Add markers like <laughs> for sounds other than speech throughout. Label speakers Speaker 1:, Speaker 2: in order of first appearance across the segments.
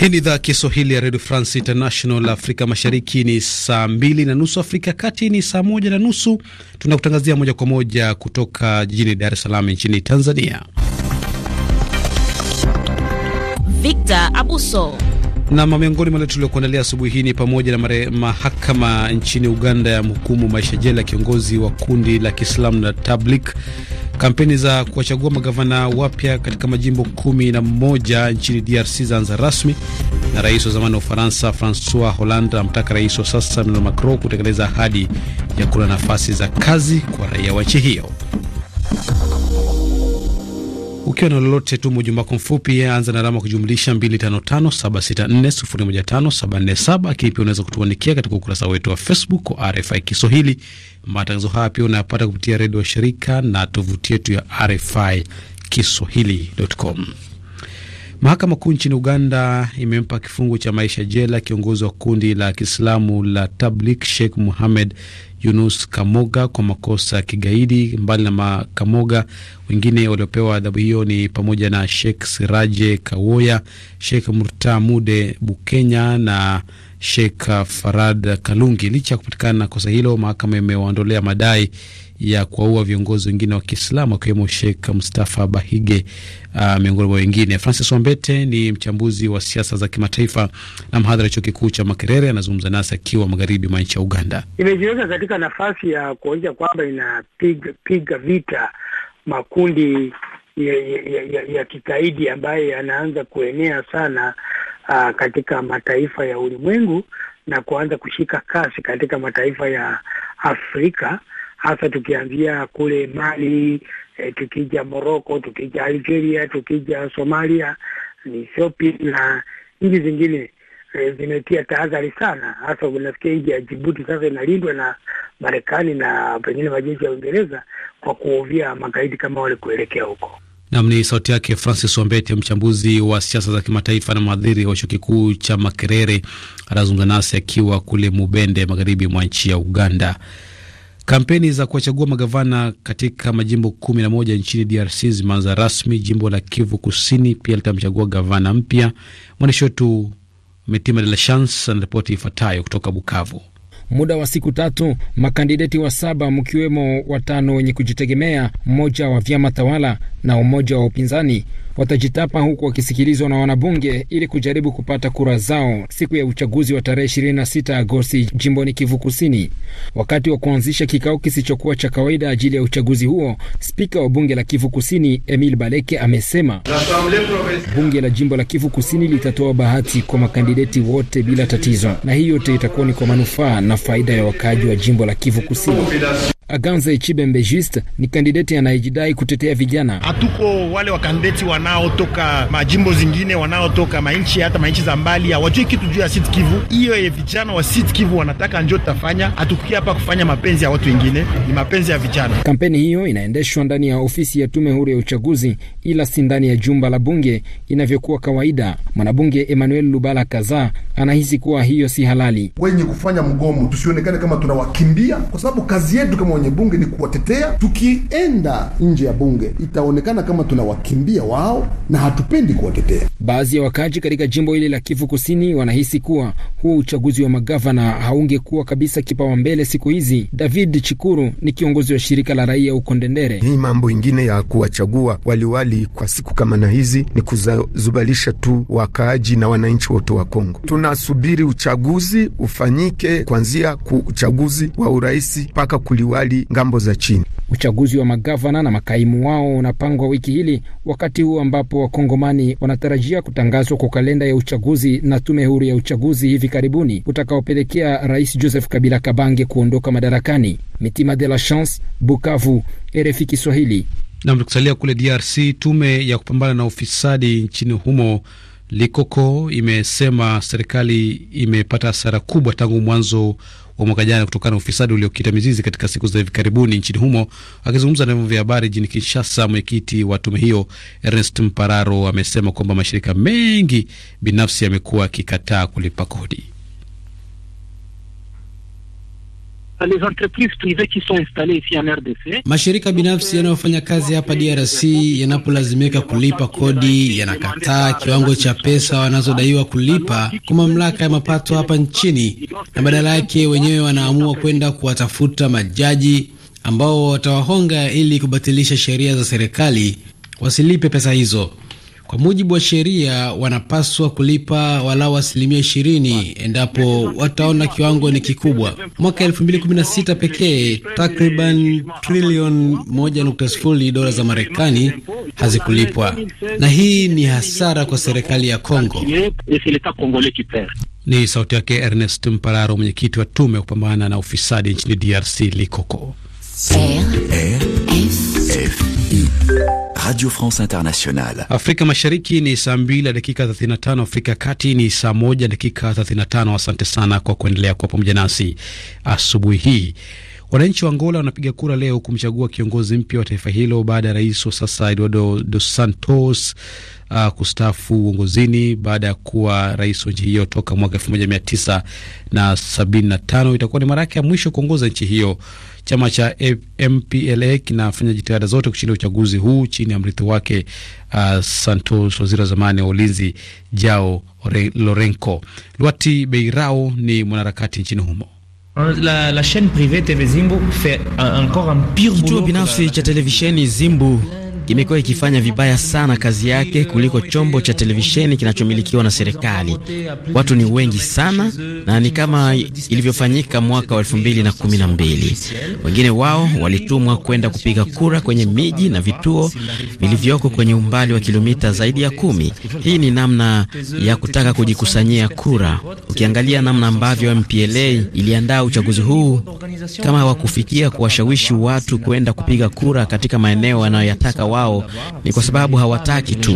Speaker 1: Hii ni idhaa ya Kiswahili ya redio France International. Afrika mashariki ni saa mbili na nusu, Afrika ya kati ni saa moja na nusu. Tunakutangazia moja kwa moja kutoka jijini Dar es Salaam nchini Tanzania.
Speaker 2: Victor Abuso
Speaker 1: na miongoni mwale tuliokuandalia asubuhi hii ni pamoja na mare, mahakama nchini Uganda ya mhukumu maisha jela kiongozi wa kundi la Kiislamu na Tablik. Kampeni za kuwachagua magavana wapya katika majimbo kumi na moja nchini DRC zaanza rasmi, na rais wa zamani wa Ufaransa Francois Hollande amtaka rais wa sasa Emmanuel Macron kutekeleza ahadi ya kula nafasi za kazi kwa raia wa nchi hiyo. Ukiwa na lolote tu ujumbe wako mfupi, anza na alama kujumlisha 255764015747. Kini pia unaweza kutuandikia katika ukurasa wetu wa Facebook wa RFI Kiswahili. Matangazo haya pia unayapata kupitia redio wa shirika na tovuti yetu ya RFI Kiswahili.com. Mahakama Kuu nchini Uganda imempa kifungo cha maisha jela kiongozi wa kundi la Kiislamu la tablik Sheikh Muhamed Yunus Kamoga kwa makosa ya kigaidi. Mbali na Makamoga, wengine waliopewa adhabu hiyo ni pamoja na Sheikh Siraje Kawoya, Sheikh Murtamude Bukenya na Sheikh Farad Kalungi. Licha ya kupatikana na kosa hilo, mahakama imewaondolea madai ya kuwaua viongozi wengine wa Kiislamu akiwemo Sheikh Mustafa Bahige uh, miongoni mwa wengine. Francis Wambete ni mchambuzi wa siasa za kimataifa na mhadhiri wa chuo kikuu cha Makerere, anazungumza nasi akiwa magharibi mwa nchi ya Uganda.
Speaker 3: Imejiweka katika nafasi ya kuonyesha kwamba inapiga piga vita makundi ya, ya, ya, ya kikaidi ambayo yanaanza kuenea sana uh, katika mataifa ya ulimwengu na kuanza kushika kasi katika mataifa ya Afrika hasa tukianzia kule Mali e, tukija Morocco, tukija Algeria, tukija Somalia, Ethiopia na nchi zingine e, zimetia tahadhari sana, hasa nafikia hiji ya jibuti sasa inalindwa na Marekani na pengine majeshi ya Uingereza kwa kuovia magaidi kama wale kuelekea huko.
Speaker 1: Nam ni sauti yake Francis Wambete, mchambuzi wa siasa za kimataifa na mhadhiri wa chuo kikuu cha Makerere, anazungumza nasi akiwa kule Mubende, magharibi mwa nchi ya Uganda. Kampeni za kuwachagua magavana katika majimbo kumi na moja nchini DRC zimeanza rasmi. Jimbo la Kivu Kusini pia litamchagua gavana mpya. Mwandishi wetu Mitima De La Chance anaripoti ifuatayo kutoka Bukavu.
Speaker 4: Muda wa siku tatu makandideti wa saba mkiwemo watano wenye kujitegemea, mmoja wa vyama tawala na umoja wa upinzani watajitapa huku wakisikilizwa na wanabunge ili kujaribu kupata kura zao siku ya uchaguzi wa tarehe 26 Agosti jimboni Kivu Kusini. Wakati wa kuanzisha kikao kisichokuwa cha kawaida ajili ya uchaguzi huo, spika wa bunge la Kivu Kusini Emil Baleke amesema bunge la jimbo la Kivu Kusini litatoa bahati kwa makandideti wote bila tatizo, na hii yote itakuwa ni kwa manufaa na faida ya wakaaji wa jimbo la Kivu Kusini. Aganza Ichibembe Just ni kandidati anayejidai kutetea vijana. Hatuko
Speaker 5: wale wakandideti wanaotoka majimbo zingine, wanaotoka manchi hata manchi za mbali,
Speaker 6: hawajui kitu juu ya Sud Kivu. Hiyo ya vijana wa Sud Kivu wanataka njo tutafanya. Hatukukia hapa kufanya
Speaker 4: mapenzi ya watu wengine, ni mapenzi ya vijana. Kampeni hiyo inaendeshwa ndani ya ofisi ya tume huru ya uchaguzi, ila si ndani ya jumba la bunge inavyokuwa kawaida. Mwanabunge Emmanuel Lubala Kaza anahisi kuwa hiyo si halali.
Speaker 6: Wenye kufanya mgomo tusionekane kama tunawakimbia, kwa sababu kazi yetu kama kwenye bunge ni kuwatetea. Tukienda nje ya bunge itaonekana kama
Speaker 4: tunawakimbia wao, na hatupendi kuwatetea. Baadhi ya wakaaji katika jimbo hili la Kivu Kusini wanahisi kuwa huu uchaguzi wa magavana haungekuwa kabisa kipaumbele siku hizi. David Chikuru ni kiongozi wa shirika la raia huko Ndendere.
Speaker 6: Hii mambo ingine ya kuwachagua waliwali kwa siku kama na hizi ni kuzubalisha tu wakaaji na wananchi wote wa Kongo. Tunasubiri uchaguzi ufanyike kuanzia ku uchaguzi wa uraisi mpaka kuliwali serikali ngambo za chini.
Speaker 4: Uchaguzi wa magavana na makaimu wao unapangwa wiki hili, wakati huu ambapo wakongomani wanatarajia kutangazwa kwa kalenda ya uchaguzi na tume huru ya uchaguzi hivi karibuni, utakaopelekea rais Joseph Kabila Kabange kuondoka madarakani. Mitima de la Chance, Bukavu, RFI Kiswahili.
Speaker 1: Nam, tukisalia kule DRC, tume ya kupambana na ufisadi nchini humo Likoko imesema serikali imepata hasara kubwa tangu mwanzo wa mwaka jana kutokana na ufisadi uliokita mizizi katika siku za hivi karibuni nchini humo. Akizungumza na vyombo vya habari jijini Kinshasa, mwenyekiti wa tume hiyo Ernest Mpararo amesema kwamba mashirika mengi binafsi yamekuwa yakikataa kulipa kodi.
Speaker 3: Euh, les entreprises
Speaker 6: privées qui sont installées ici en RDC.
Speaker 7: Mashirika binafsi yanayofanya kazi hapa DRC yanapolazimika kulipa kodi yanakataa kiwango cha pesa wanazodaiwa kulipa kwa mamlaka ya mapato hapa nchini, na badala yake wenyewe wanaamua kwenda kuwatafuta majaji ambao watawahonga ili kubatilisha sheria za serikali wasilipe pesa hizo. Kwa mujibu wa sheria, wanapaswa kulipa walau asilimia ishirini endapo wataona kiwango ni kikubwa. Mwaka 2016 pekee takriban trilioni 1.0 dola za Marekani
Speaker 1: hazikulipwa,
Speaker 7: na hii ni hasara kwa serikali ya Kongo.
Speaker 1: Ni sauti yake Ernest Mpararo, mwenyekiti wa tume ya kupambana na ufisadi nchini DRC, Likoko.
Speaker 6: RFI Radio
Speaker 7: France Internationale.
Speaker 1: Afrika Mashariki ni saa 2 na dakika 35, Afrika Kati ni saa moja dakika 35. Asante sana kwa kuendelea kuwa pamoja nasi asubuhi hii. Wananchi wa Angola wanapiga kura leo kumchagua kiongozi mpya wa taifa hilo baada ya rais wa sasa Eduardo dos Santos uh, ah, kustafu uongozini baada ya kuwa rais wa nchi hiyo toka mwaka tano. Itakuwa ni mara yake ya mwisho kuongoza nchi hiyo. Chama cha MPLA kinafanya jitihada zote kushinda uchaguzi huu chini ya mrithi wake uh, Santos, waziri wa zamani wa ulinzi Jao Lorenco. Lwati Beirao ni mwanaharakati nchini humo. Hein, la, la chaîne privée TV
Speaker 2: Zimbu fait encore un pire Kituo binafsi cha télévision Zimbu kimekuwa ikifanya vibaya sana kazi yake kuliko chombo cha televisheni kinachomilikiwa na serikali. Watu ni wengi sana, na ni kama ilivyofanyika mwaka wa na mbili Wengine wao walitumwa kwenda kupiga kura kwenye miji na vituo vilivyoko kwenye umbali wa kilomita zaidi ya kumi. Hii ni namna ya kutaka kujikusanyia kura. Ukiangalia namna ambavyo MPLA iliandaa uchaguzi huu, kama hawakufikia kuwashawishi watu kwenda kupiga kura katika maeneo wanayoyataka wao ni kwa
Speaker 1: sababu hawataki tu.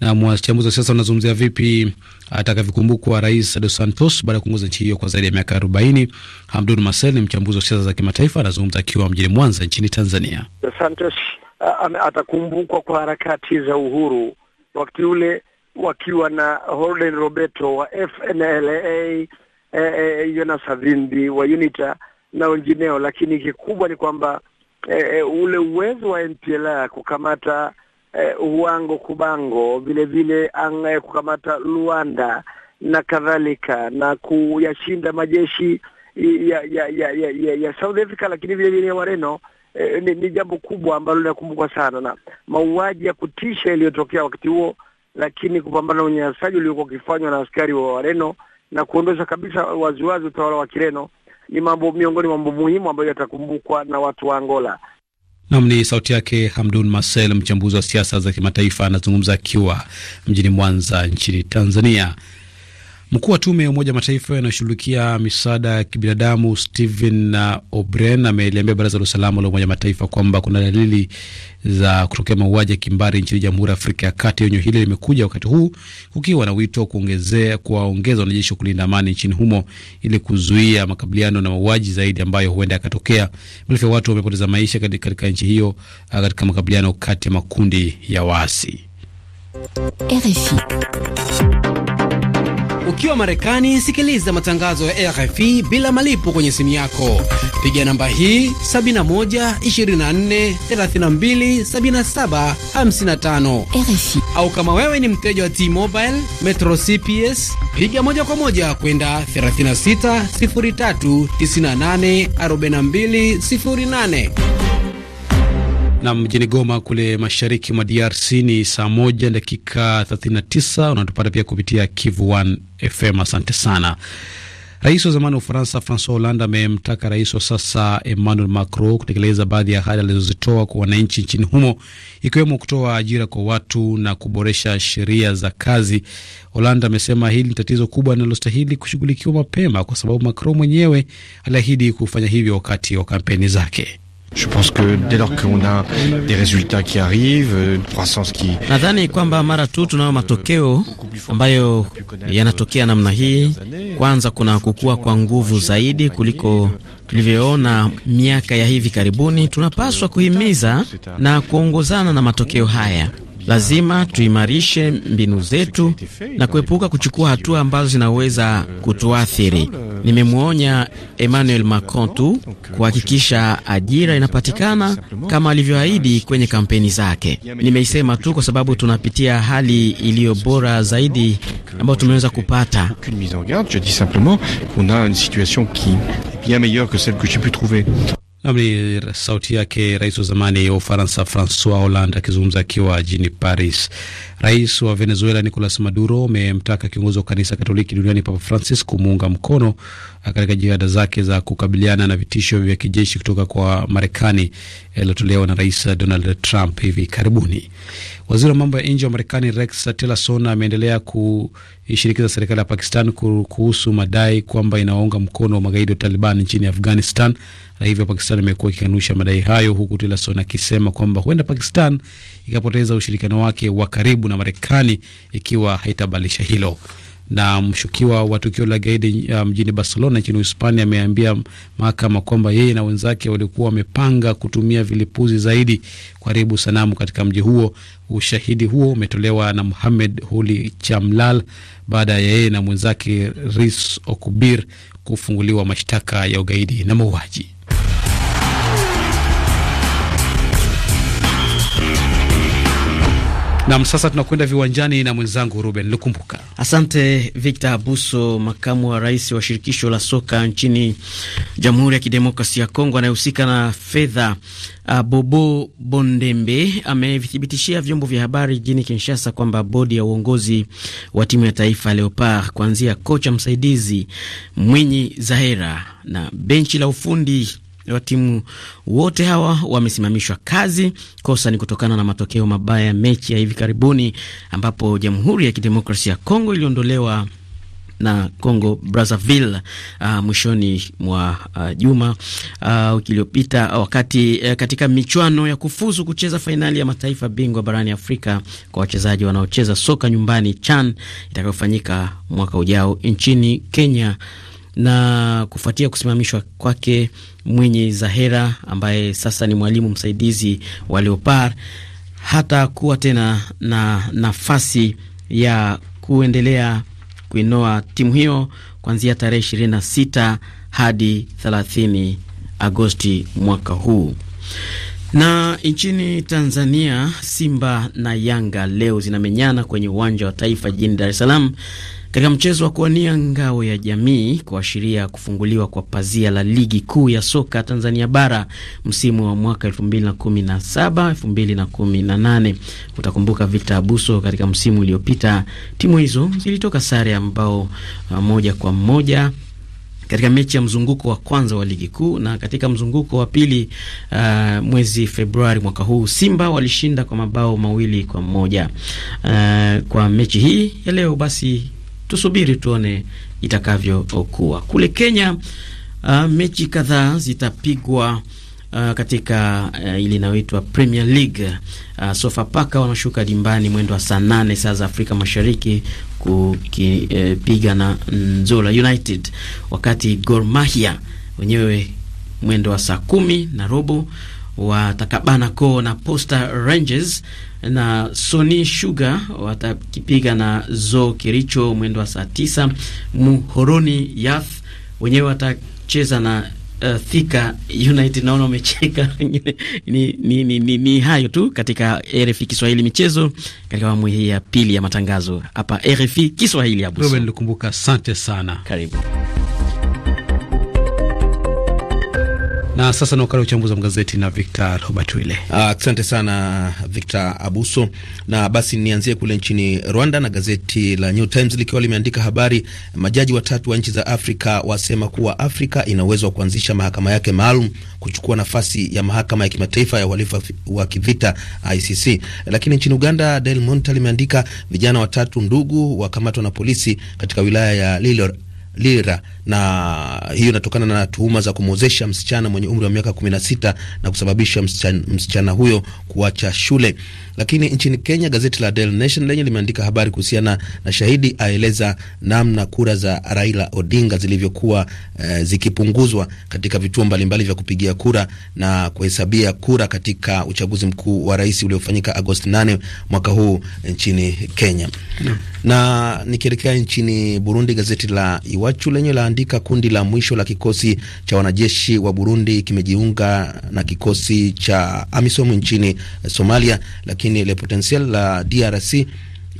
Speaker 1: Na wachambuzi wa siasa wanazungumzia vipi atakavyokumbukwa Rais Dos Santos baada ya kuongoza nchi hiyo kwa zaidi ya miaka arobaini Hamdun Marcel ni mchambuzi wa siasa za kimataifa, anazungumza akiwa mjini Mwanza nchini Tanzania.
Speaker 3: Dos Santos atakumbukwa kwa harakati za uhuru wakati ule wakiwa na Holden Roberto wa FNLA, e, e, e, Jonas Savimbi wa UNITA na wengineo, lakini kikubwa ni kwamba e, ule uwezo wa MPLA kukamata e, Uwango Kubango, vile vile ang kukamata Luanda na kadhalika na kuyashinda majeshi ya ya ya, ya, ya, ya South Africa lakini vile vile ya Wareno eh, ni, ni jambo kubwa ambalo linakumbukwa sana na mauaji ya kutisha yaliyotokea wakati huo, lakini kupambana na unyanyasaji uliokuwa ukifanywa na askari wa Wareno na kuondosha kabisa waziwazi utawala wa Kireno ni mambo miongoni mwa mambo muhimu ambayo yatakumbukwa na watu wa Angola.
Speaker 1: Nam ni sauti yake Hamdun Marcel, mchambuzi wa siasa za kimataifa, anazungumza akiwa mjini Mwanza nchini Tanzania. Mkuu wa tume ya Umoja wa Mataifa inayoshughulikia misaada ya kibinadamu Stephen O'Brien ameliambia Baraza la Usalama la Umoja wa Mataifa kwamba kuna dalili za kutokea mauaji ya kimbari nchini Jamhuri ya Afrika ya Kati. Onyo hili limekuja wakati huu kukiwa na wito kuongezea kuwaongeza wanajeshi wa kulinda amani nchini humo ili kuzuia makabiliano na mauaji zaidi ambayo huenda yakatokea. Maelfu ya watu wamepoteza maisha katika nchi hiyo ah, katika makabiliano kati ya makundi ya waasi.
Speaker 4: RFI.
Speaker 7: Ukiwa Marekani, sikiliza matangazo ya RFI bila malipo kwenye simu yako. Piga namba hii 71 24 32 77 55 Au kama wewe ni mteja wa T-Mobile Metro CPS, piga moja kwa moja kwenda 36 03 98 42 08
Speaker 1: na mjini Goma kule mashariki mwa DRC ni saa moja dakika 39. Unatupata pia kupitia Kivu 1 FM. Asante sana. Rais wa zamani wa Ufaransa Francois Hollande amemtaka rais wa sasa Emmanuel Macron kutekeleza baadhi ya ahadi alizozitoa kwa wananchi nchini humo ikiwemo kutoa ajira kwa watu na kuboresha sheria za kazi. Hollande amesema hili ni tatizo kubwa linalostahili kushughulikiwa mapema, kwa sababu Macron mwenyewe aliahidi kufanya hivyo wakati wa kampeni zake. Je pense que dès lors qu'on a des résultats qui arrivent, euh, une croissance qui... Nadhani kwamba mara tu tunayo matokeo
Speaker 2: ambayo yanatokea namna hii, kwanza kuna kukua kwa nguvu zaidi kuliko tulivyoona miaka ya hivi karibuni. Tunapaswa kuhimiza na kuongozana na matokeo haya. Lazima tuimarishe mbinu zetu na kuepuka kuchukua hatua ambazo zinaweza kutuathiri. Nimemwonya Emmanuel Macron tu kuhakikisha ajira inapatikana kama alivyoahidi kwenye kampeni zake. Nimeisema tu kwa sababu tunapitia hali iliyo bora
Speaker 1: zaidi ambayo tumeweza kupata. Nam ni sauti yake rais wa zamani wa Ufaransa Francois Hollande akizungumza akiwa jijini Paris. Rais wa Venezuela Nicolas Maduro amemtaka kiongozi wa kanisa Katoliki duniani Papa Francis kumuunga mkono eh, katika jihada zake za kukabiliana na vitisho vya kijeshi kutoka kwa Marekani yaliyotolewa eh, na Rais Donald Trump hivi karibuni. Waziri wa mambo ya nje wa Marekani Rex Tillerson ameendelea kuishinikiza serikali ya Pakistan kuhusu madai kwamba inawaunga mkono magaidi wa Taliban nchini Afghanistan. Hata hivyo, Pakistan imekuwa ikikanusha madai hayo, huku Tillerson akisema kwamba huenda Pakistan ikapoteza ushirikiano wake wa karibu na Marekani ikiwa haitabadilisha hilo. Na mshukiwa wa tukio la gaidi uh, mjini um, Barcelona nchini Hispania ameambia mahakama kwamba yeye na wenzake walikuwa wamepanga kutumia vilipuzi zaidi kuharibu sanamu katika mji huo. Ushahidi huo umetolewa na Muhamed Huli Chamlal baada ya yeye na mwenzake Ris Okubir kufunguliwa mashtaka ya ugaidi na mauaji. Nam, sasa tunakwenda viwanjani na mwenzangu
Speaker 2: Ruben Lukumbuka. Asante Victor Abuso, makamu wa rais wa shirikisho la soka nchini Jamhuri ya kidemokrasi ya Kongo anayehusika na fedha uh, Bobo Bondembe amevithibitishia vyombo vya habari jijini Kinshasa kwamba bodi ya uongozi wa timu ya taifa Leopard kuanzia kocha msaidizi Mwinyi Zahera na benchi la ufundi wa timu wote hawa wamesimamishwa kazi. Kosa ni kutokana na matokeo mabaya ya mechi ya hivi karibuni ambapo Jamhuri ya Kidemokrasia ya Kongo iliondolewa na Congo Brazzaville uh, mwishoni mwa uh, juma uh, wiki iliyopita, wakati uh, katika michuano ya kufuzu kucheza fainali ya mataifa bingwa barani Afrika kwa wachezaji wanaocheza soka nyumbani CHAN itakayofanyika mwaka ujao nchini Kenya na kufuatia kusimamishwa kwake Mwenye Zahera ambaye sasa ni mwalimu msaidizi wa Leopard hata kuwa tena na nafasi ya kuendelea kuinoa timu hiyo kuanzia tarehe 26 hadi 30 Agosti mwaka huu. Na nchini Tanzania, Simba na Yanga leo zinamenyana kwenye uwanja wa Taifa jijini Dar es Salaam katika mchezo wa kuwania ngao ya jamii kuashiria kufunguliwa kwa pazia la ligi kuu ya soka Tanzania bara msimu wa mwaka 2017 2018, utakumbuka Victor Abuso, katika msimu uliopita timu hizo zilitoka sare ambao uh, moja kwa moja katika mechi ya mzunguko wa kwanza wa ligi kuu. Na katika mzunguko wa pili uh, mwezi Februari mwaka huu Simba walishinda kwa mabao mawili kwa moja. Uh, kwa mechi hii ya leo basi tusubiri tuone itakavyokuwa. Kule Kenya uh, mechi kadhaa zitapigwa uh, katika uh, ile inayoitwa Premier League. Uh, Sofapaka wanashuka dimbani mwendo wa saa nane saa za Afrika Mashariki kukipiga uh, na Nzola United, wakati Gor Mahia wenyewe mwendo wa saa kumi na robo watakabana koo na Posta Rangers na Sony Sugar watakipiga na Zo Kericho mwendo wa saa tisa. Muhoroni Yath wenyewe watacheza na Uh, Thika United. Naona umecheka <laughs> ni, ni, ni, ni, ni hayo tu katika RFI Kiswahili michezo katika awamu hii ya pili ya matangazo hapa
Speaker 1: RFI Kiswahili. Abus Ruben asante
Speaker 2: sana, karibu.
Speaker 6: Na sasa na wakati wa uchambuzi wa magazeti na Victor Robert Wile. Ah, asante sana Victor Abuso. Na basi nianzie kule nchini Rwanda na gazeti la New Times likiwa limeandika habari, majaji watatu wa nchi za Afrika wasema kuwa Afrika ina uwezo wa kuanzisha mahakama yake maalum kuchukua nafasi ya mahakama ya kimataifa ya uhalifu wa kivita ICC. Lakini nchini Uganda, Daily Monitor limeandika vijana watatu ndugu wakamatwa na polisi katika wilaya ya Lilor lira, na hiyo inatokana na tuhuma za kumwozesha msichana mwenye umri wa miaka 16 na kusababisha msichana, msichana huyo kuacha shule. Lakini nchini Kenya, gazeti la Daily Nation lenye limeandika habari kuhusiana na shahidi aeleza namna kura za Raila Odinga zilivyokuwa e, zikipunguzwa katika vituo mbalimbali vya kupigia kura na kuhesabia kura katika uchaguzi mkuu wa rais uliofanyika Agosti 8 mwaka huu nchini Kenya. No. Na nikielekea nchini Burundi, gazeti la Iwachu lenye laandika kundi la mwisho la kikosi cha wanajeshi wa Burundi kimejiunga na kikosi cha AMISOM nchini Somalia, lakini lakini Le Potentiel la DRC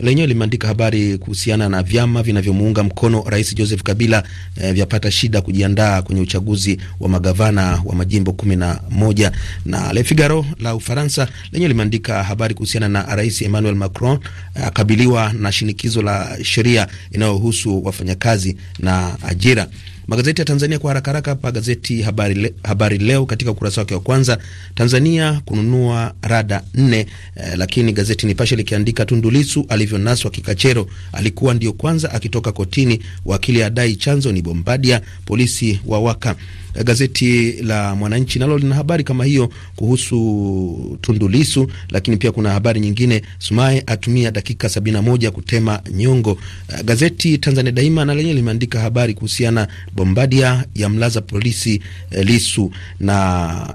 Speaker 6: lenyewe limeandika habari kuhusiana na vyama vinavyomuunga mkono Rais Joseph Kabila eh, vyapata shida kujiandaa kwenye uchaguzi wa magavana wa majimbo kumi na moja. Na Le Figaro la Ufaransa lenyewe limeandika habari kuhusiana na Rais Emmanuel Macron eh, akabiliwa eh, na shinikizo la sheria inayohusu wafanyakazi na ajira. Magazeti ya Tanzania kwa haraka haraka hapa. Gazeti habari, le, habari Leo katika ukurasa wake wa kwanza, Tanzania kununua rada nne eh, lakini gazeti Nipashe likiandika Tundu Lissu alivyonaswa kikachero, alikuwa ndio kwanza akitoka kotini, wakili adai chanzo ni Bombadia, polisi wawaka Gazeti la Mwananchi nalo lina habari kama hiyo kuhusu Tundu Lissu, lakini pia kuna habari nyingine, Sumaye atumia dakika 71 moja kutema nyongo. Uh, gazeti Tanzania Daima na lenyewe limeandika habari kuhusiana Bombadia ya mlaza polisi eh, Lissu na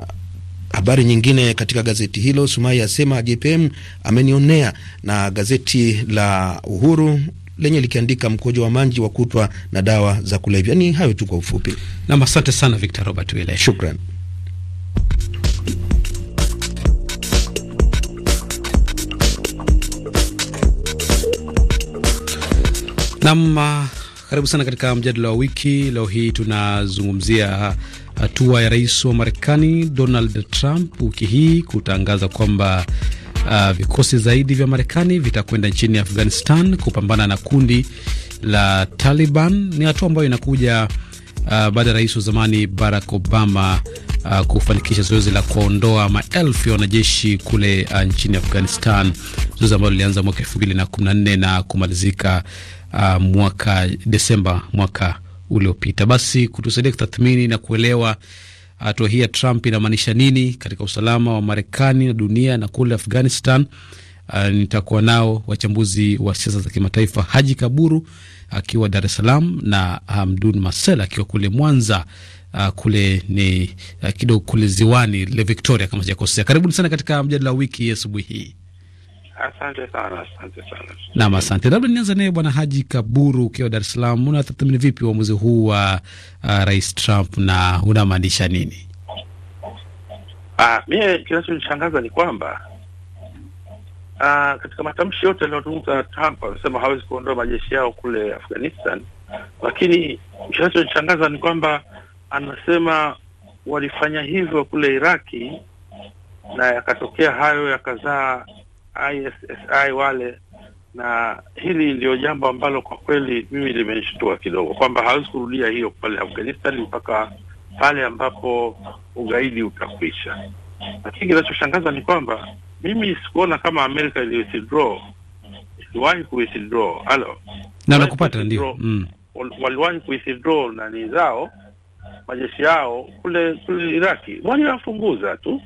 Speaker 6: habari nyingine katika gazeti hilo, Sumai asema JPM amenionea. Na gazeti la Uhuru lenye likiandika mkojo wa manji wa kutwa na dawa za kulevya. Ni hayo tu kwa ufupi, nam. Asante sana Victor Robert Wile, shukran.
Speaker 1: Nam, uh, karibu sana katika mjadala wa wiki. Leo hii tunazungumzia hatua ya rais wa Marekani Donald Trump wiki hii kutangaza kwamba Uh, vikosi zaidi vya Marekani vitakwenda nchini Afghanistan kupambana na kundi la Taliban. Ni hatua ambayo inakuja uh, baada ya rais wa zamani Barack Obama uh, kufanikisha zoezi la kuondoa maelfu ya wanajeshi kule uh, nchini Afghanistan, zoezi ambalo lilianza mwaka elfu mbili na kumi na nne na kumalizika uh, mwaka Desemba mwaka uliopita. Basi kutusaidia kutathmini na kuelewa hatua hii ya Trump inamaanisha nini katika usalama wa Marekani na dunia na kule Afghanistan? Uh, nitakuwa nao wachambuzi wa siasa za kimataifa Haji Kaburu akiwa Dar es Salaam na Hamdun Masel akiwa kule Mwanza. Uh, kule ni uh, kidogo kule ziwani le Victoria kama sijakosea. Karibuni sana katika mjadala wa wiki asubuhi hii. Asante sana, asante sana. Naam, asante. Labda nianza naye Bwana Haji Kaburu, ukiwa Dar es Salaam, unatathmini vipi uamuzi huu wa uh, Rais Trump na unamaanisha nini?
Speaker 5: Ah, mie kinachonishangaza ni kwamba ah, katika matamshi yote aliyozungumza Trump amesema hawezi kuondoa majeshi yao kule Afghanistan, lakini kinachonishangaza ni kwamba anasema walifanya hivyo kule Iraki na yakatokea hayo yakazaa ISSI wale, na hili ndio jambo ambalo kwa kweli mimi limenishtua kidogo kwamba hawezi kurudia hiyo pale Afghanistan mpaka pale ambapo ugaidi utakwisha. Lakini kinachoshangaza ni kwamba mimi sikuona kama Amerika ili withdraw iliwahi ku withdraw halo,
Speaker 1: na nakupata ndio mm.
Speaker 5: waliwahi ku withdraw nani zao majeshi yao kule kule Iraki, waliwafunguza tu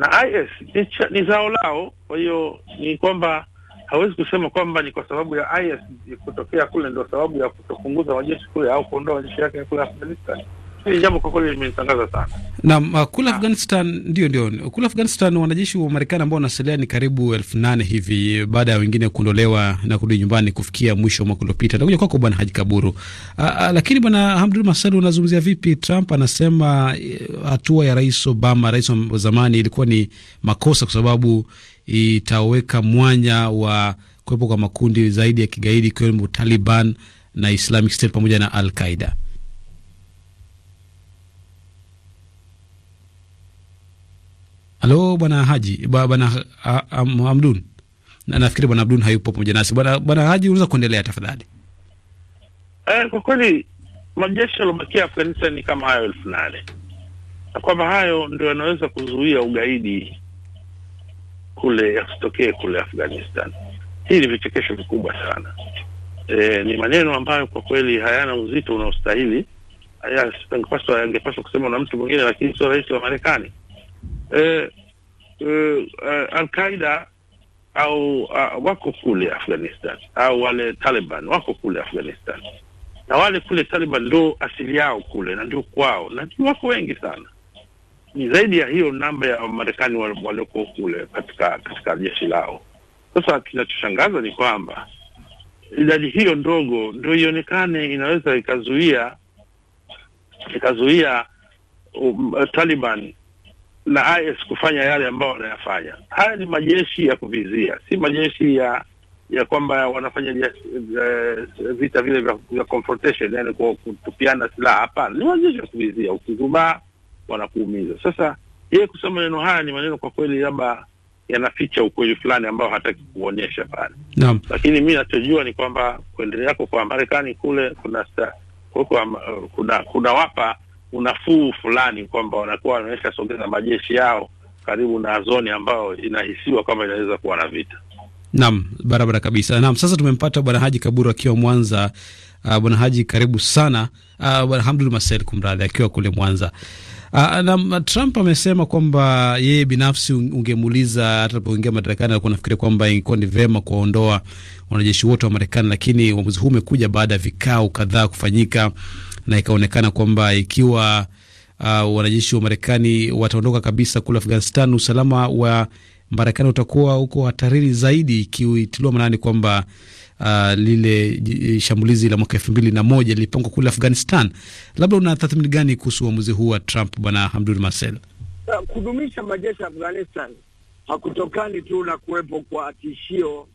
Speaker 5: na IS ni, ni zao lao. Kwa hiyo ni kwamba hawezi kusema kwamba ni kwa sababu ya IS kutokea kule ndio sababu ya kutopunguza majeshi kule au kuondoa majeshi yake kule Afghanistan. Hili jambo kwa kweli limenitangaza sana.
Speaker 1: Naam, uh, kule Afghanistan, ndio ndio, kule Afghanistan wanajeshi wa Marekani ambao wanasalia ni karibu elfu nane hivi baada ya wengine kuondolewa na kurudi nyumbani kufikia mwisho wa mwaka uliopita. Nakuja kwako Bwana Haji Kaburu. uh, uh lakini Bwana Hamdul Masad, unazungumzia vipi? Trump anasema eh, hatua ya Rais Obama, rais wa zamani, ilikuwa ni makosa kwa sababu itaweka mwanya wa kuwepo kwa makundi zaidi ya kigaidi ikiwemo Taliban na Islamic State pamoja na Al Qaida. Halo bwana Haji, bwana Hamdun, na nafikiri bwana Abdun hayupo pamoja nasi. Bwana bwana Haji, unaweza kuendelea tafadhali.
Speaker 5: Eh, kwa kweli majeshi yaliobakia Afghanistan ni kama hayo elfu nane na kwamba hayo ndio yanaweza kuzuia ugaidi kule yasitokee kule Afghanistan. Hii ni vichekesho vikubwa sana. E, ni maneno ambayo kwa kweli hayana uzito unaostahili. Yangepaswa kusema na mtu mwingine, lakini sio rais wa Marekani eh, eh, eh Al-Qaida au uh, wako kule Afghanistan au wale Taliban wako kule Afghanistan, na wale kule Taliban ndio asili yao kule na ndio kwao, na wako wengi sana, ni zaidi ya hiyo namba ya Marekani walioko kule katika katika jeshi lao. Sasa kinachoshangaza ni kwamba idadi hiyo ndogo ndio ionekane inaweza ikazuia ikazuia um, Taliban na IS kufanya yale ambayo wanayafanya. Haya ni majeshi ya kuvizia, si majeshi ya ya kwamba wanafanya ya, vita vile vya, vya confrontation, yani kwa kutupiana silaha. Hapana, ni majeshi ya kuvizia, ukigumaa wanakuumiza. Sasa yeye kusema maneno haya ni maneno kwa kweli labda yanaficha ukweli fulani ambao hataki kuonyesha pale. Naam. Lakini mimi nachojua ni kwamba kuendelea kwa Marekani kule kuna, sta, kwa, kwa, kuna kuna wapa unafuu fulani kwamba wanakuwa wanaweza songeza majeshi yao karibu na zoni ambayo inahisiwa kama inaweza kuwa na vita.
Speaker 1: Naam, barabara kabisa. Naam, sasa tumempata Bwana Haji Kaburu akiwa Mwanza. Uh, Bwana Haji karibu sana. Uh, Bwana Hamdul Masel kumradhi, akiwa kule Mwanza. Uh, na Trump amesema kwamba yeye binafsi ungemuuliza hata alipoingia madarakani alikuwa nafikiria kwamba ingekuwa ni vema kuwaondoa wanajeshi wote wa Marekani, lakini uamuzi huu umekuja baada ya vikao kadhaa kufanyika na ikaonekana kwamba ikiwa uh, wanajeshi wa Marekani wataondoka kabisa kule Afghanistan, usalama wa Marekani utakuwa huko hatarini zaidi, ikitiliwa maanani kwamba uh, lile shambulizi la mwaka elfu mbili na moja lilipangwa kule Afghanistan. Labda una tathmini gani kuhusu uamuzi huu wa Trump, Bwana hamdul Marcel?
Speaker 3: Kudumisha majeshi ya Afghanistan hakutokani tu na kuwepo kwa tishio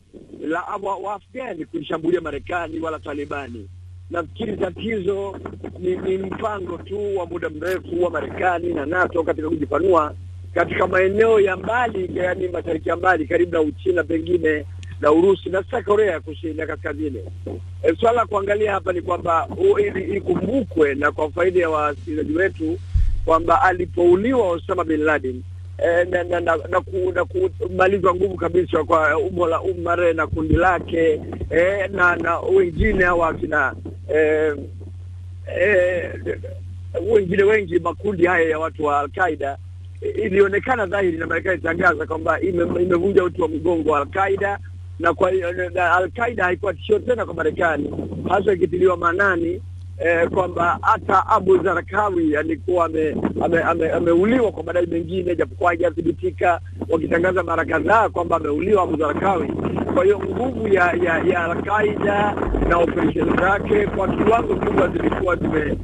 Speaker 3: la Afghani kuishambulia Marekani wala Talibani, nafikiri tatizo ni, ni mpango tu wa muda mrefu wa Marekani na NATO katika kujipanua katika maeneo ya mbali, yaani mashariki ya mbali karibu na Uchina pengine na Urusi na sasa Korea Kusini na Kaskazini. E, swala la kuangalia hapa ni kwamba ili ikumbukwe na kwa faida ya wasikilizaji wetu kwamba alipouliwa Osama bin Laden eh, na, na, na, na, ku, na kumalizwa nguvu kabisa kwa umbo la Umare na kundi lake eh, na na wengine hawa akina eh, eh, wengine wengi makundi haya ya watu wa alkaida ilionekana dhahiri na Marekani itangaza kwamba imevunja ime uti wa mgongo wa alqaida na kwa al haikuwa tishio tena kwa Marekani, hasa ikitiliwa maanani eh, kwamba hata Abu Zarkawi alikuwa ameuliwa ame, ame kwa madai mengine, japokuwa hajathibitika, wakitangaza mara kadhaa kwamba ameuliwa Abu Zarkawi. Kwa hiyo nguvu ya ya, ya Al-Qaeda na operesheni zake kwa kiwango kikubwa zilikuwa zime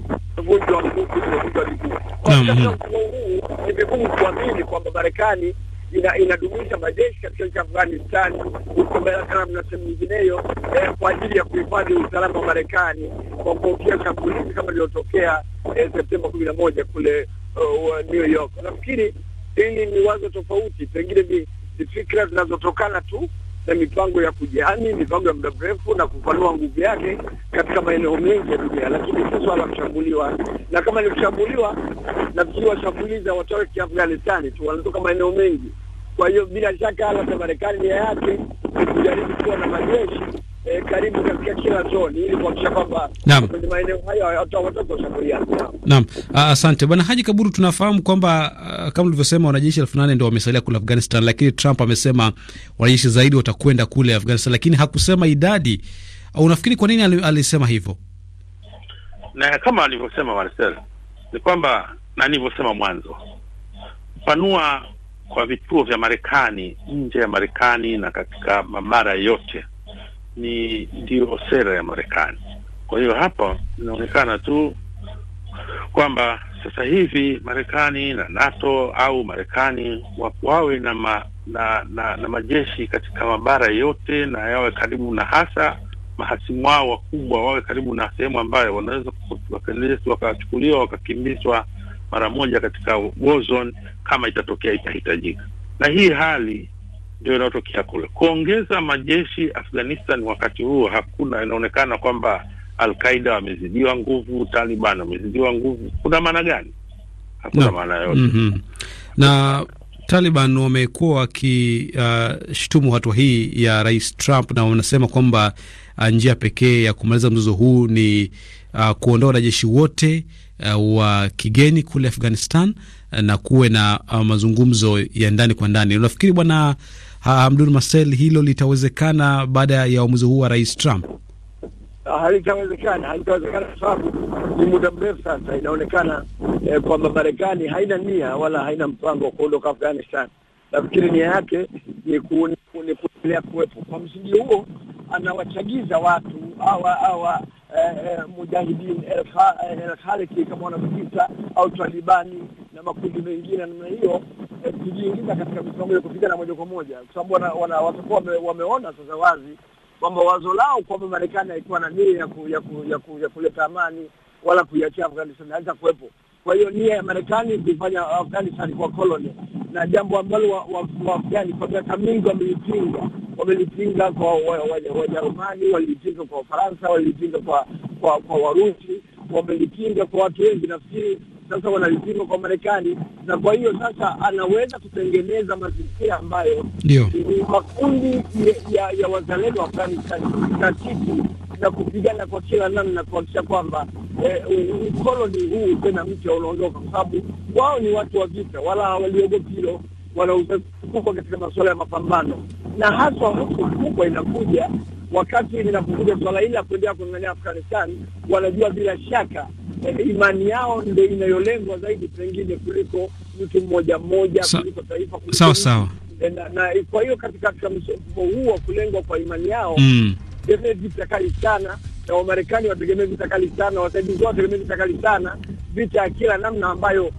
Speaker 3: vunjwa nguvu zimevunjwa vikuu. Kwa hmm. huu ni vigumu kuamini kwamba Marekani ina, inadumisha majeshi katika nchi ya Afghanistan huko Belgram na sehemu nyingineyo eh, kwa ajili ya kuhifadhi usalama wa Marekani kwa kuokia shambulizi kama lililotokea eh, Septemba kumi na moja kule uh, New York. Nafikiri hili ni wazo tofauti, pengine ni, ni fikira zinazotokana tu na mipango ya kujihami, mipango ya muda mrefu na kupanua nguvu yake katika maeneo mengi ya dunia, lakini si swala kushambuliwa. Na kama ni kushambuliwa, nafikiri washambulizi hawatoke Afghanistani tu, wanatoka maeneo mengi kwa hiyo bila shaka za Marekani nia yake ni kujaribu kuwa na majeshi eh, karibu katika kila zoni ili kuhakikisha kwamba kwenye maeneo hayo watoto hawatakoshambuliana.
Speaker 1: Naam, asante bwana Haji Kaburu. Tunafahamu kwamba uh, kama ulivyosema wanajeshi elfu nane ndio wamesalia kule Afghanistan, lakini Trump amesema wanajeshi zaidi watakwenda kule Afghanistan, lakini hakusema idadi. Uh, unafikiri kwa nini alisema hivyo?
Speaker 5: Na kama alivyosema Marcel ni kwamba na nilivyosema mwanzo, panua kwa vituo vya Marekani, nje ya Marekani na katika mabara yote, ni ndiyo sera ya Marekani. Kwa hiyo hapa inaonekana tu kwamba sasa hivi Marekani na NATO au Marekani wawe na, ma, na, na na majeshi katika mabara yote na yawe karibu na hasa mahasimu wao wakubwa wawe karibu na sehemu ambayo wanaweza wakachukuliwa wakakimbizwa mara moja katika war zone kama itatokea itahitajika, na hii hali ndio inayotokea kule. Kuongeza majeshi Afghanistan wakati huo hakuna, inaonekana kwamba Alqaida wamezidiwa nguvu, Taliban wamezidiwa nguvu. Kuna maana gani?
Speaker 1: Hakuna no. maana yote mm -hmm. na Taliban wamekuwa wakishutumu uh, hatua hii ya Rais Trump na wanasema kwamba ah, njia pekee ya kumaliza mzozo huu ni uh, kuondoa wanajeshi wote uh, wa kigeni kule Afghanistan uh, na kuwe na uh, mazungumzo ya ndani kwa ndani. Unafikiri bwana uh, Hamdun uh, Masel, hilo litawezekana baada ya uamuzi huu wa Rais Trump?
Speaker 3: Ah, halitawezekana, halitawezekana kwa sababu ni muda mrefu sasa inaonekana eh, kwamba Marekani haina nia wala haina mpango wa kuondoka Afghanistan nafikiri nia yake ni kuendelea kuwepo. Kwa msingi huo, anawachagiza watu hawa eh, mujahidin eh, eh kama wanavyokita au Talibani na makundi mengine namna hiyo eh, kujiingiza katika mipango ya kupigana moja kwa moja, kwa sababu watakuwa wameona sasa wazi kwamba wazo lao kwamba Marekani haikuwa na nia ya kuleta amani wala kuiachia Afghanistan haweza kuwepo. Kwa hiyo nia ya Marekani kuifanya Afghanistan kwa koloni, na jambo ambalo Waafghani kwa miaka mingi wamelipinga, wamelipinga kwa Wajerumani, walilipinga kwa Wafaransa, walilipinga kwa kwa kwa Warusi, wamelipinga kwa watu wengi. Nafikiri sasa wanalipinga kwa Marekani, na kwa hiyo sasa anaweza kutengeneza mazingira ambayo ni makundi ya, ya wazalendo wa Afghanistan tatiki na kupigana kwa kila namna kuhakikisha kwamba Eh, ukoloni huu tena mpya unaondoka, kwa sababu wao ni watu wa vita, wala waliogopi hilo, wana uzoefu katika masuala ya mapambano, na haswa huku kubwa inakuja wakati linapokuja swala hili la kuendelea kung'ang'ania Afghanistan. Wanajua bila shaka eh, imani yao ndio inayolengwa zaidi pengine kuliko mtu mmoja mmoja, kuliko taifa, kuliko sawa sawa. Eh, na, na kwa hiyo katika, katika huu wa kulengwa kwa imani yao mm, eh, vita kali sana na Wamarekani wategemee vita kali sana, wasaidizi wao wategemee vita kali sana, vita ya kila namna ambayo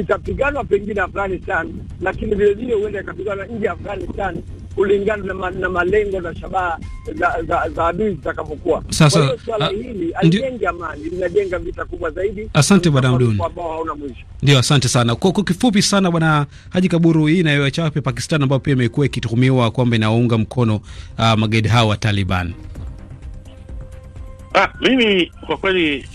Speaker 3: itapiganwa pengine Afghanistan, lakini vilevile huenda ikapiganwa nje ya Afghanistan kulingana na, ma, na malengo na shabaha za, za, za adui zitakapokuwa. Sasa swala hili alijenga amani linajenga vita kubwa zaidi. Asante bwana Mduni, ambao hauna
Speaker 4: mwisho.
Speaker 1: Ndio, asante sana kwa, kwa kifupi sana bwana Haji Kaburu, hii inayoacha wapi Pakistan ambayo pia imekuwa ikituhumiwa kwamba inaunga mkono uh, magaidi hao wa Taliban.
Speaker 5: Ah, mimi kwa kweli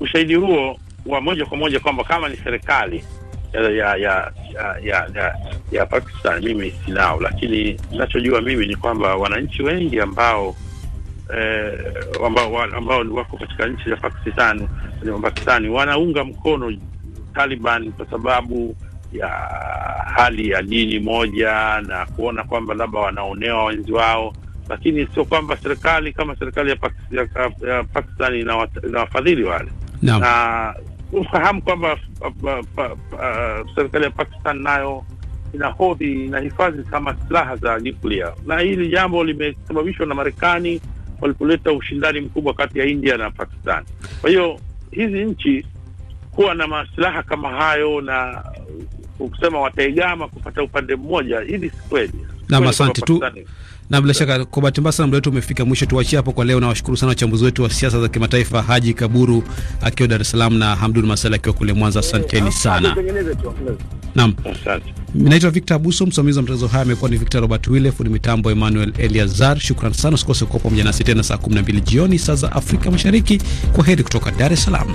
Speaker 5: ushahidi huo wa moja kwa moja kwamba kama ni serikali ya ya ya ya, ya, ya Pakistan mimi sinao, lakini ninachojua mimi ni kwamba wananchi wengi ambao eh, ambao, ambao wako katika nchi za Pakistan Pakistani wanaunga mkono Taliban kwa sababu ya hali ya dini moja na kuona kwamba labda wanaonewa wenzi wao lakini sio kwamba serikali kama serikali ya, Pak ya, ya Pakistan wale no. na ufahamu kwamba uh, uh, serikali ya Pakistan nayo ina hodhi na hifadhi kama silaha za nyuklia, na hili jambo limesababishwa na Marekani walipoleta ushindani mkubwa kati ya India na Pakistan. Kwa hiyo hizi nchi kuwa na masilaha kama hayo na kusema wataigama kupata upande mmoja, hili si
Speaker 1: kweli. Nam, asante tu. Na bila shaka kwa bahati mbaya sana muda wetu umefika mwisho, tuachie hapo kwa leo. Nawashukuru sana wachambuzi wetu wa siasa za kimataifa, Haji Kaburu akiwa Dar es Salaam na Hamdun Masala akiwa kule Mwanza. Asanteni eh, sana. Naam, naitwa Victor Abuso, msimamizi wa matangazo haya amekuwa ni Victor Robert Wille, fundi mitambo Emmanuel Eliazar. Shukran sana, usikose kuwa pamoja nasi tena saa 12 jioni saa za Afrika Mashariki. Kwa heri kutoka Dar es Salaam.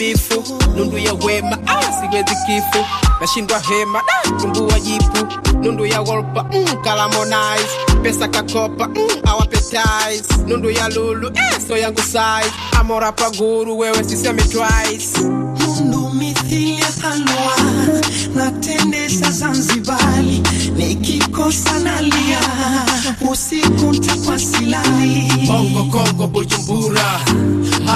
Speaker 7: uharibifu, nundu ya wema ah, siwezi kifu, nashindwa hema ah, wa jipu, nundu ya wolpa mm, Harmonize pesa kakopa mm, awapetize, nundu ya lulu eh, so yangu size, amora paguru wewe sisemi twice nundu mundu mithilia salwa natendesa Zanzibari nikikosa nalia usiku ntakuwa silali Kongo Kongo Bujumbura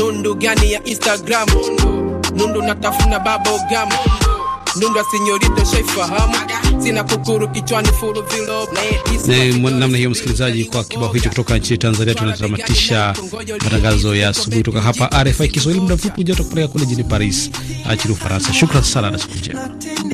Speaker 7: nundu gani ya instagram nundu natafuna babo gamu nundu asinyorito shaifahamu sina kukuru kichwani furu vilo
Speaker 1: namna hiyo. Msikilizaji, kwa kibao hicho kutoka nchini Tanzania, tunatamatisha matangazo ya asubuhi kutoka hapa RFI Kiswahili. Muda mfupi ujao tutakupeleka kule jijini Paris
Speaker 4: nchini Ufaransa. Shukran sana na siku njema.